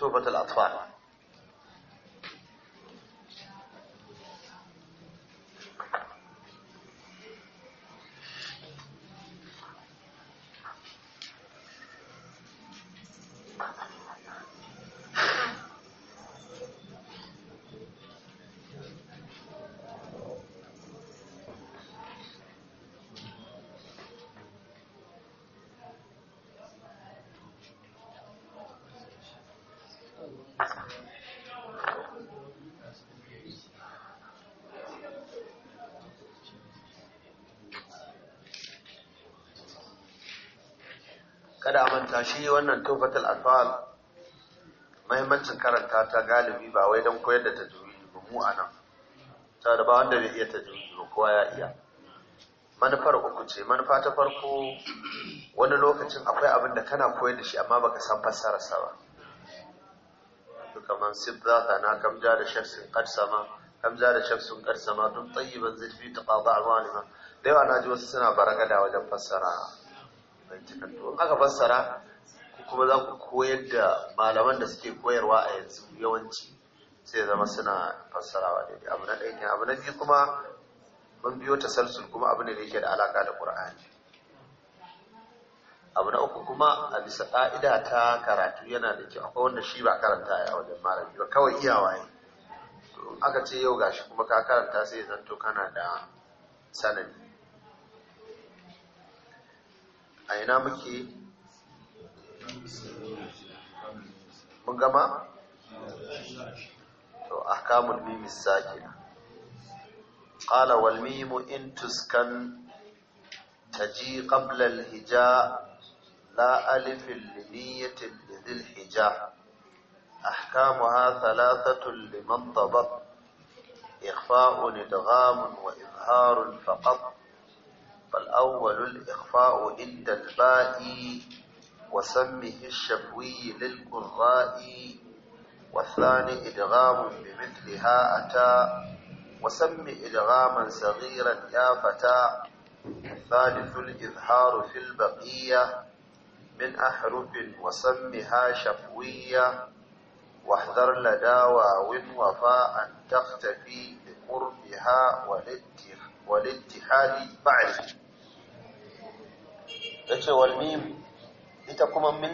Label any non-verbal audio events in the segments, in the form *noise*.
توبة الأطفال kada a manta shi wannan tufatul alfahar mahimmancin karanta ta galibi ba wai don koyar da tajwidi ba mu anan da ba wanda bai iya tajwidi ba kowa ya iya manufar uku ce manufa ta farko wani lokacin akwai abin da kana koyar da shi amma baka san fassara sa ba to kaman sibza na kamja da shafsin karsama kamja da shafsin karsama don tsayi ban zai fi taqada alwanima da yawa na ji wasu suna baraka da wajen fassara in aka fassara kuma za ku koyar da malaman da suke koyarwa a yanzu yawanci sai zama suna fassarawa daidai abu na ɗaya abu na biyu kuma mun biyo tasalsul kuma abu ne da yake da alaka da ƙur'ani abu na uku kuma a bisa ƙa'ida ta karatu yana da kyau akwai wanda shi ba karanta a wajen malami ba kawai iyawaye to aka ce yau gashi kuma ka karanta sai zanto kana da sanadi a ina muke mun gama to ahkamul mim sakina qala wal mim in tuskan taji qabla al hija la alif al niyyah li lidil hija ahkamuha thalathatu liman tabaq ikhfa'un idgham wa izharun faqat فالأول الإخفاء عند الباء وسمه الشفوي للقراء والثاني إدغام بمثلها أتى وسم إدغاما صغيرا يا فتى الثالث الإظهار في البقية من أحرف وسمها شفوية واحذر لدى واو وفاء تختفي قربها والاتحاد بعد yace walmim ita kuma min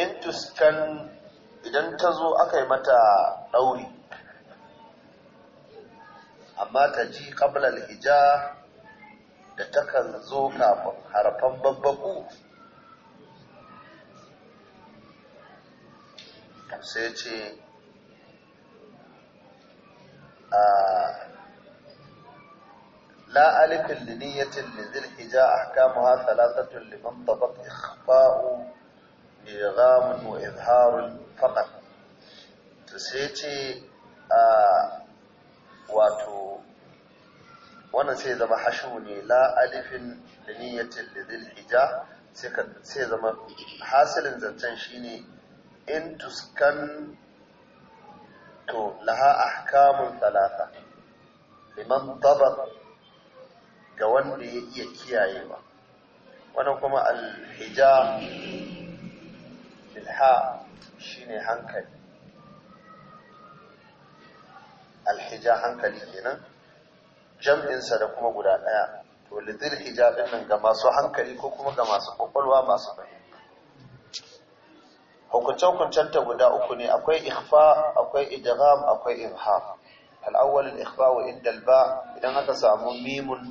in tuskan idan ta zo aka yi mata ɗauri amma ta ji ƙablal hija da takan zo kafin harfan babbaku sai ce لا ألف لنية لذي الحجاء أحكامها ثلاثة لمن ضبط إخفاء إغام وإظهار فقط تسيتي واتو wannan sai zama hashu ne la alifin liniyatin lidil hija sai zama hasilin zancen shine in tuskan to laha ahkamun talata liman tabar ga wanda ya iya kiyayewa wannan kuma alhija bilha shine hankali alhija hankali kenan jam'insa da kuma guda ɗaya to lidil hijabin nan ga masu hankali ko kuma ga masu kwakwalwa masu fahimta hukunce ta guda uku ne akwai ikhfa akwai idgham akwai irham al-awwal al-ikhfa wa inda al-ba idan aka samu mimun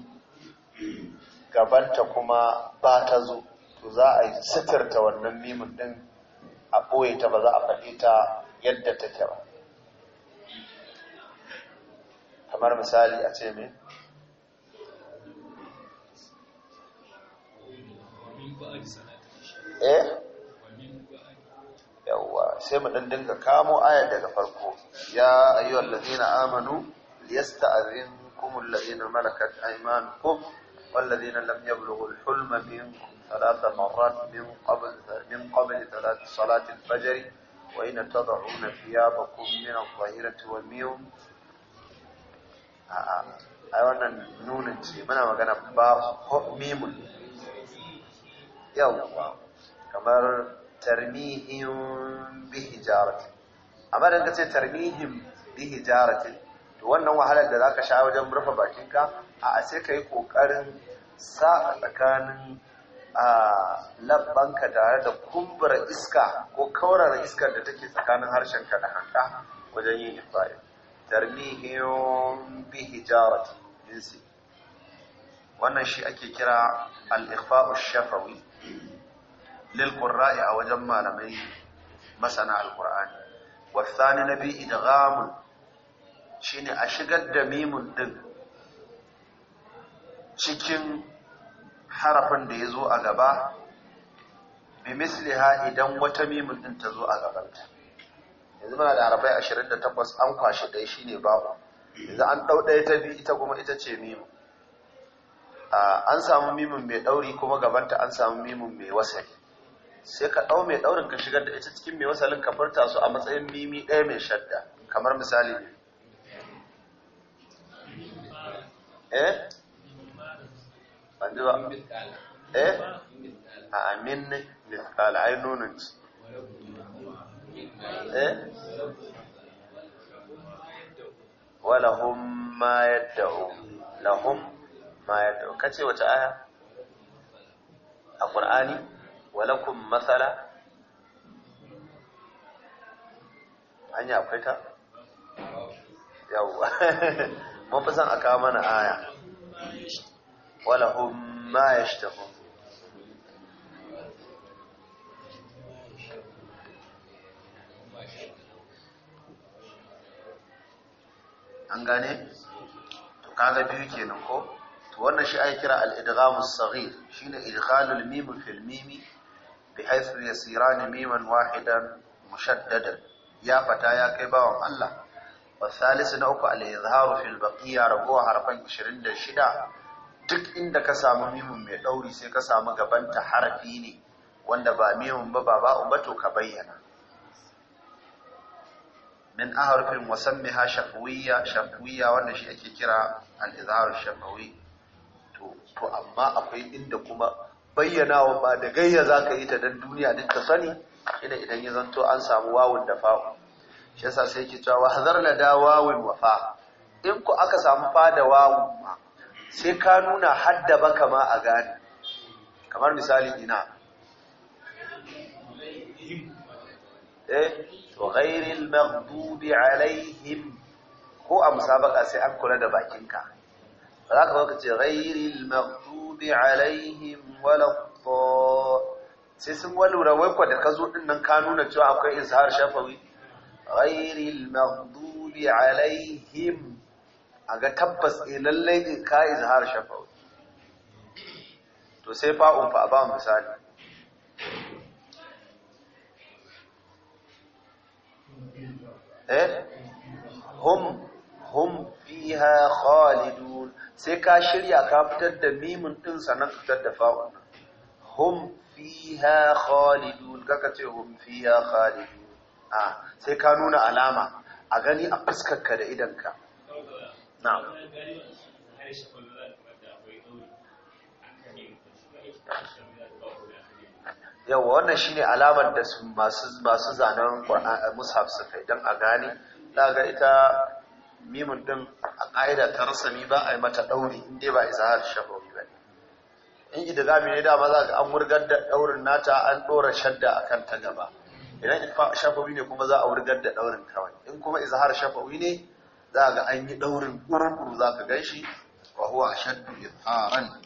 gabanta kuma ba ta zo to za a yi sitirta wannan mimun din a ɓoye ta ba za a faɗi ta yadda take ba kamar misali a ce eh yawa sai mu dan dinga kamo aya daga farko ya ayyuhal ladina amanu liyasta'zinkum alladina malakat aymanukum lam yablughu والذين لم يبلغوا الحلم منكم ثلاث مرات من قبل من قبل ثلاث صلاة الفجر وإن تضعون ثيابكم من الظهيرة والميم ai wannan nunin ce muna magana ba mimun yawa kamar tarmihim bi hijaratin amma dan to wannan wahalar da za ka sha wajen rufe bakinka a sai yi ƙoƙarin sa tsakanin labbanka tare da kumbura iska ko kaurar iskar da take tsakanin harshenka da hanka wajen yin ifari tarmihim bi jinsi wannan shi ake kira al-ikhfa'u shafawi lil qurra'i a wajen malamai masana alqur'ani wa thani nabi idgham shine a shigar da mimun din cikin harafin da yazo a gaba bi misliha idan wata mimun din ta zo a gabanta yanzu muna da harafai 28 an kwashe dai shine babu yanzu an dau ɗaya ta biyu ita kuma ita ce mimun ah, an samu mimin mai ɗauri kuma gabanta an samu mimin mai wasari sai ka ɗau mai ɗaurin ka shigar da ita cikin mai wasalin ka furta su a matsayin mimi ɗaya mai shadda kamar misali ne eh an ji ba eh a amin ne mithqala ai nunin ci eh walahum ma yad'u lahum ma yad'u kace wata aya a qur'ani walakum masala hanya akwai ta yawwa *laughs* mun fi son a kawo mana aya walahum ma ya yashtahun an gane to kaga biyu kenan ko to wannan shi ai kira al-idghamus saghir shine idghalul mim fil mimi Ya بحيث يسيران ميما واحدا مشددا يا فتايا كيباوم الله والثالث نوكو الإظهار في البقية ربوها حرفين عشرين shida. duk inda ka samu mimin mai ɗauri sai ka samu gabanta harafi ne wanda ba mimin ba ba ba ubato ka bayyana min aharfin musammiha shafawiyya shafawiyya wanda shi ake kira al-izhar shafawi to amma akwai inda kuma bayyana wa ba da gayya za ka yi ta don duniya duk ta sani shine idan ya zanto an samu wawun da fa'u shi yasa sai ke cewa hazar na da wawun wa fa in ku aka samu fa da wawun ma sai ka nuna hadda ba kama a gane kamar misali ina eh wa ghairil maghdubi alaihim ko a musabaka sai an kula da bakinka ba za ka zo ka ce ghairil sai sun walura wai kwa da ka zo din nan ka nuna cewa akwai izhar shafawi ghairil maghdubi alaihim a ga tabbas eh lallai ka izhar shafawi to sai fa'un fa ba misali eh hum hum fiha khalidun sai ka shirya ka fitar da mimin din sannan fitar da fa'un hum fiha khalidun kaka ce hum fiha khalidun a sai ka nuna alama a gani a fuskarka da idanka na'am yawa wannan shine alamar da masu zanen mushaf suka idan a gani daga ita mimun din a ƙa'ida ta rasami ba a yi mata ɗauri in dai ba a har shafawi ba in idgami ne dama za ga an wurgar da ɗaurin nata an ɗora shadda a kan ta gaba idan shafawi ne kuma za a wurgar da ɗaurin kawai in kuma izhar shafawi ne za ga an yi ɗaurin ƙurƙuru za ka gan shi wa huwa shaddu izharan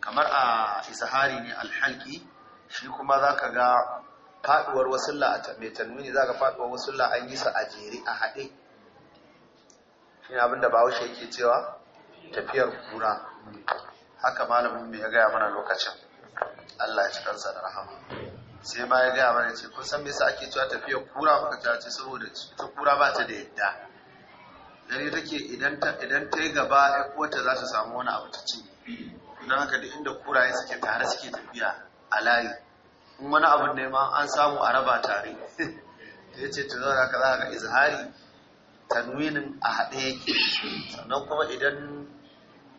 kamar a izahari ne alhalki shi kuma za ka ga faɗuwar wasulla a mai tanwini za ka faɗuwar wasu wasulla an yi sa a jere a haɗe shine ne abinda bahaushe yake cewa tafiyar kura haka malamin mai ya gaya mana lokacin Allah ya ci kansa da rahama sai ma ya gaya mana ce kun san me yasa ake cewa tafiyar kura ba ta ce saboda ta kura ba ta da yadda dare take idan ta idan ta yi gaba ya ta za ta samu wani abu ta ci don haka duk inda kuraye suke tare suke tafiya a layi in wani abu ne ma an samu a raba tare ta *laughs* ce to zaura ka za ka izhari tanwinin a haɗe yake sannan kuma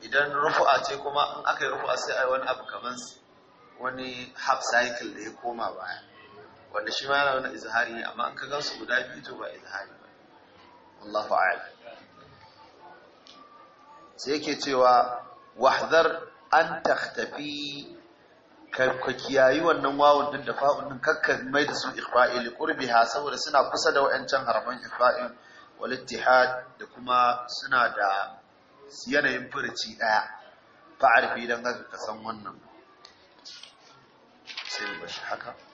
idan rufu'a ce kuma in aka yi rufu'a sai a yi wani abu kamar wani half cycle da ya koma baya wanda shi ma yana wani izahari ne amma an ka gansu guda biyu to ba izahari ba Allah sai yake cewa wahdar an takhtafi ka kiyayi wannan wawon din da fa'un din kakka mai da su ikhfa'i li qurbiha saboda suna kusa da wayancan harfan ikhfa'in walittihad da kuma suna da yanayin furci daya fa'arfi don haka ka san wannan sai mu bashi haka